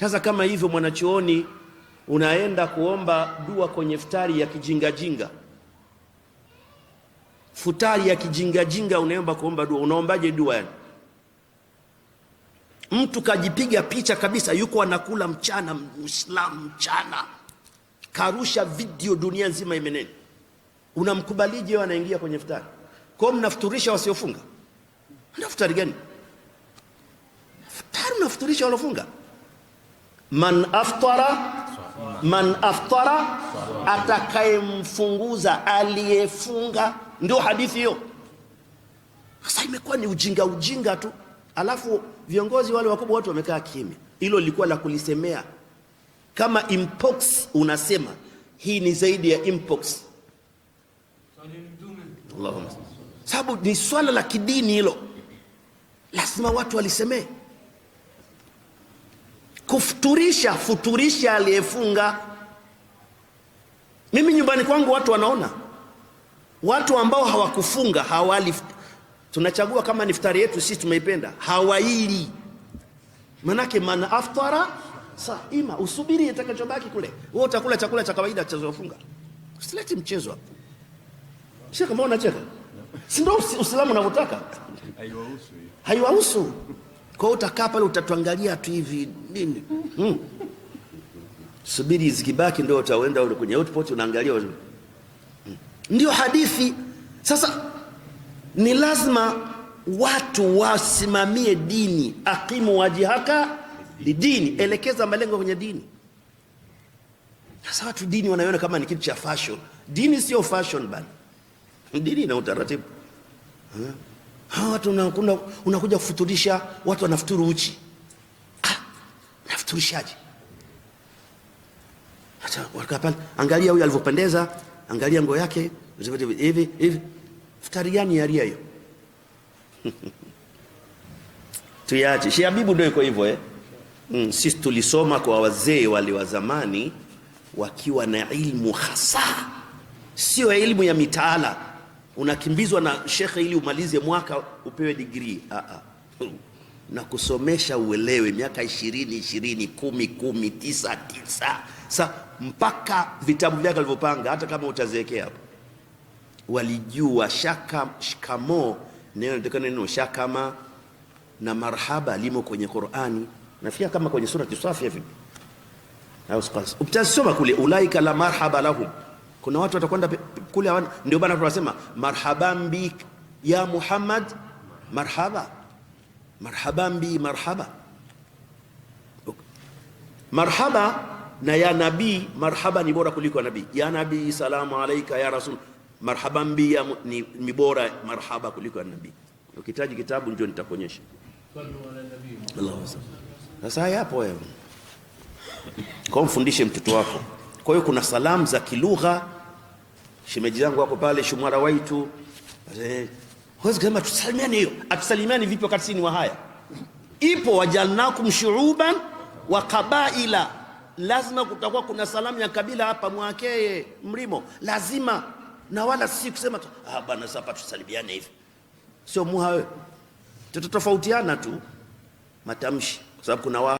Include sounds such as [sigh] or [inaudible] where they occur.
Sasa kama hivyo, mwanachuoni unaenda kuomba dua kwenye futari ya kijingajinga, futari ya kijingajinga unaomba kuomba dua, unaombaje dua? Yani mtu kajipiga picha kabisa, yuko anakula mchana, Muislamu mchana, karusha video, dunia nzima imeneni, unamkubalije? Anaingia kwenye futari kwao, mnafuturisha wasiofunga? Mnafutari gani? Futari mnafuturisha walofunga? man aftara man aftara, atakayemfunguza aliyefunga. Ndio hadithi hiyo. Sasa imekuwa ni ujinga ujinga tu, alafu viongozi wale wakubwa watu wamekaa kimya. Hilo lilikuwa la kulisemea kama impox, unasema hii ni zaidi ya impox, sababu ni swala la kidini hilo, lazima watu walisemee kufuturisha, futurisha aliyefunga. Mimi nyumbani kwangu watu wanaona, watu ambao hawakufunga hawali, tunachagua kama ftari yetu sisi tumeipenda, hawaili manake, man aftara saima, usubiri itakachobaki kule, wewe utakula chakula cha kawaida cha kufunga. Usilete mchezo hapo. Shekh, mbona unacheka? Si ndio Uislamu unavyotaka? Haiwahusu. Kwa hiyo utakaa pale utatuangalia tu hivi nini? hmm. Subiri zikibaki ndio utaenda kwenye airport unaangalia. hmm. Ndio hadithi. Sasa ni lazima watu wasimamie dini, akimu wajihaka lidini, elekeza malengo kwenye dini. Sasa watu dini wanaiona kama ni kitu cha fashion. Dini sio fashion bali. Dini ina utaratibu. Hmm hawa watu unakuja, unakuja kufuturisha watu wanafuturu uchi. Ah, nafuturishaje? Hata wakapa angalia huyu alivyopendeza, angalia nguo yake hivi hivi, futari gani yaria hiyo? [laughs] Tuiache. Sheikh Habibu ndio yuko hivyo eh. Mm, sisi tulisoma kwa wazee wale wa zamani wakiwa na ilmu hasa, sio elimu ya mitaala unakimbizwa na shekhe ili umalize mwaka upewe digrii. Ah, ah. [laughs] Na kusomesha uelewe, miaka ishirini ishirini kumi kumi tisa tisa sa mpaka vitabu vyake alivyopanga, hata kama utazeekea hapo. Walijua shaka shikamo, neno neno shakama na marhaba limo kwenye Qur'ani, nafikia kama kwenye surati Safi hivi utasoma kule, ulaika la marhaba lahum, kuna watu watakwenda kule hawana. Ndio bana tunasema marhaban bi ya Muhammad, marhaba marhaban bi marhaba marhaba na ya nabii. Marhaba ni bora kuliko nabii. Ya nabii salamu alaika ya rasul. Marhaban bi ya ni, ni bora marhaba kuliko ya nabii. Ukihitaji kitabu njoo nitakuonyesha. Sasa haya hapo wewe kwa mfundishe mtoto wako. Kwa hiyo kuna salamu za kilugha shemeji zangu wako pale shumara waitu, huwezi eh, tusalimiane. Hiyo atusalimiani vipi wakati ni wahaya? Ipo wajalnakum shuuban wa kabaila, lazima kutakuwa kuna salamu ya kabila hapa. mwakee mrimo lazima, na wala si kusema ah, bana sasa tusalimiane hivi, sio muha wewe, tutatofautiana tu matamshi, kwa sababu kuna wa